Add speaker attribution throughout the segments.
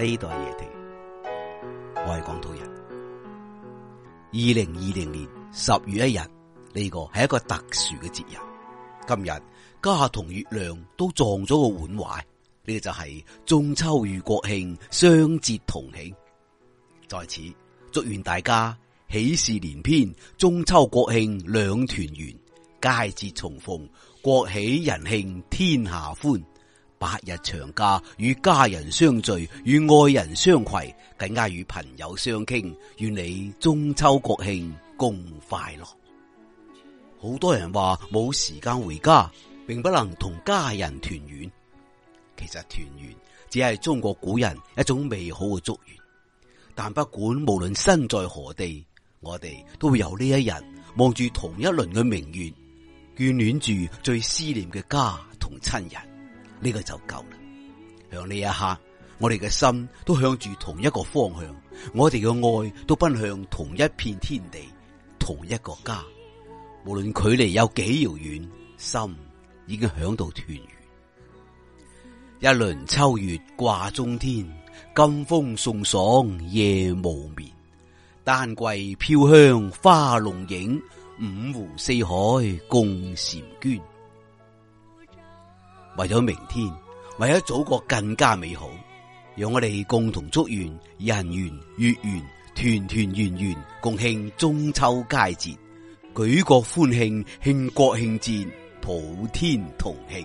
Speaker 1: 呢代夜聽，我係廣土人。二零二零年十月一日，呢個係一個特殊嘅節日。今日家下同月亮都撞咗個碗壞，呢個就係中秋與國慶雙節同慶。在此，祝願大家喜事連篇，中秋國慶兩團圓，佳節重逢，國喜人慶，天下歡。八日長假，與家人相聚，與愛人相携，更加與朋友相傾。願你中秋國慶共快樂。好多人話冇時間回家，並不能同家人團圓。其實團圓只係中國古人一種美好嘅祝願。但不管無論身在何地，我哋都會有呢一日望住同一輪嘅明月，眷戀住最思念嘅家同親人。呢個就夠啦！響呢一刻，我哋嘅心都向住同一個方向，我哋嘅愛都奔向同一片天地、同一個家。無論距離有幾遙遠，心已經響到團圓。一輪秋月掛中天，金風送爽夜無眠。丹桂飄香花弄影，五湖四海共嬋娟。為咗明天，為咗祖國更加美好，讓我哋共同祝願人圓月圓，團團圓圓，共慶中秋佳節，舉國歡慶，慶國慶節，普天同慶。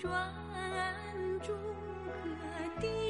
Speaker 2: 轉朱閣，低